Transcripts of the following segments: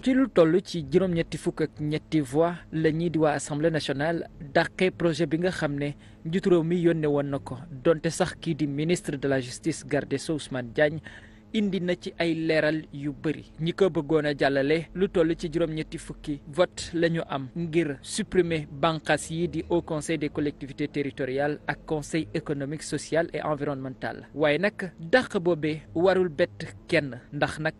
ci lu toll ci juróom-ñetti fukk ak ñetti voix la ñii di waa assemblée nationale dàqee projet bi nga xam ne njiitu réew mi yónnee woon na ko donte sax kii di ministre de la justice garde sceaux Ousmane Diagne indi na ci ay leeral yu bëri ñi ko bëggoon a jàllale lu toll ci juróom-ñetti fukki vote la ñu am ngir supprimer bànqaas yi di haut conseil des collectivités territoriales ak conseil économique social et environnemental waaye nag dàq boobee warul bett kenn ndax nag.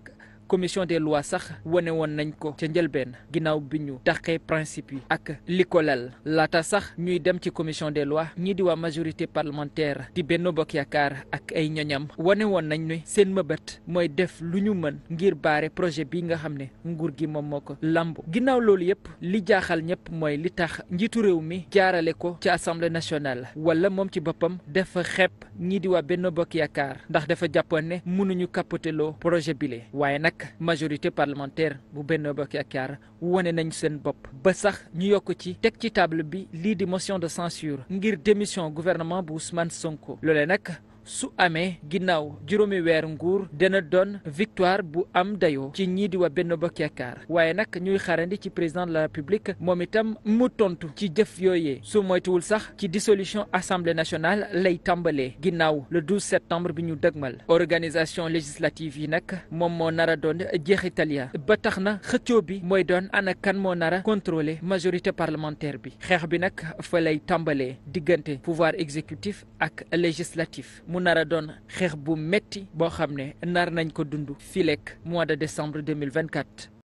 commission des lois sax wane woon nañ ko ca njëlbeen ginnaaw bi ñu daqee principe yi ak li ko lal laata sax ñuy dem ci commission des lois ñii di waa majorité parlementaire di benn Bokk Yaakaar ak ay ñoñam wane woon nañ ne seen mëbët mooy def lu ñu mën ngir baare projet bi nga xam ne nguur gi moom moo ko lamb ginnaaw loolu yëpp li jaaxal ñëpp mooy li tax njiitu réew mi jaarale ko ci assemblée nationale wala moom ci boppam dafa xepp ñii di waa benn Bokk Yaakaar ndax dafa jàppoon ne mënuñu capoteloo projet bile waaye majorité parlementaire bu Benno Bokk Yaakaar wone nañ seen bopp ba sax ñu yokk ci teg ci table bi lii di motion de censure ngir démission gouvernement bu Ousmane Sonko loolee nag su amee ginnaaw juróomi weer nguur dana doon victoire bu am dayoo ci ñii di waa Benno Bokk Yaakaar waaye nag ñuy xarandi ci président de la République moom itam mu tontu ci jëf yooyee su moytuwul sax ci dissolution assemblée nationale lay tàmbalee ginnaaw le 12 septembre bi ñu dëgmal organisation législative yi nag moom moo nar a doon jeexital ya ba tax na xëccoo bi mooy doon ana kan moo nar a contrôler majorité parlementaire bi xeex bi nag fa lay tàmbalee diggante pouvoir exécutif ak législatif mu nar a doon xeex bu metti boo xam ne nar nañ ko dundu filek mois de décembre 2024